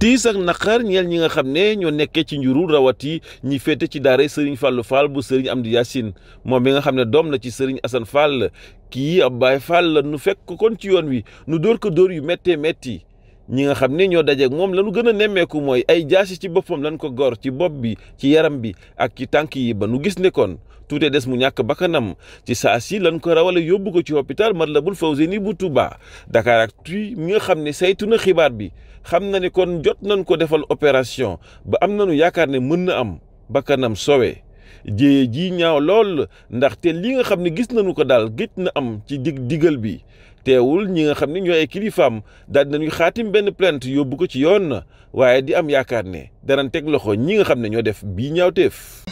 tiis ak naqar ñeel ñi nga xam ne ñoo nekkee ci njurul yi ñi féete ci daara Serigne fallu fal bu am di Yacine moom mi nga xam ne doom la ci Serigne Assane Fall kii ab Baye fal la nu fekk kon ci yoon wi nu dóor ko dóor yu méttee métti ñi nga xam ne ñoo dajeek moom lañu gën a nemmeeku mooy ay jaasi ci boppam lan ko gor ci bopp bi ci yaram bi ak ci tànk yi ba nu gis ne kon tuute des mu ñàkk bakkanam ci saa si lan ko rawale yóbbu ko ci hôpital Matlaboul Fawzeyni bu Touba Dakaractu mi nga xam ni saytu na xibaar bi xam na ne kon jot nañ ko defal opération ba am na nañu yaakaar ne mën na am bakkanam sowe jéye ji ñaaw lool ndaxte li nga xam ne gis nañu ko daal gëj na am ci dig digal bi teewul ñi nga xam ne ñooy ay kilifaam daal dinañu xaatim benn plainte yóbbu ko ci yoon na waaye di am yaakaar ne danañ teg loxo ñi nga xam ne ñoo def bii ñaawteef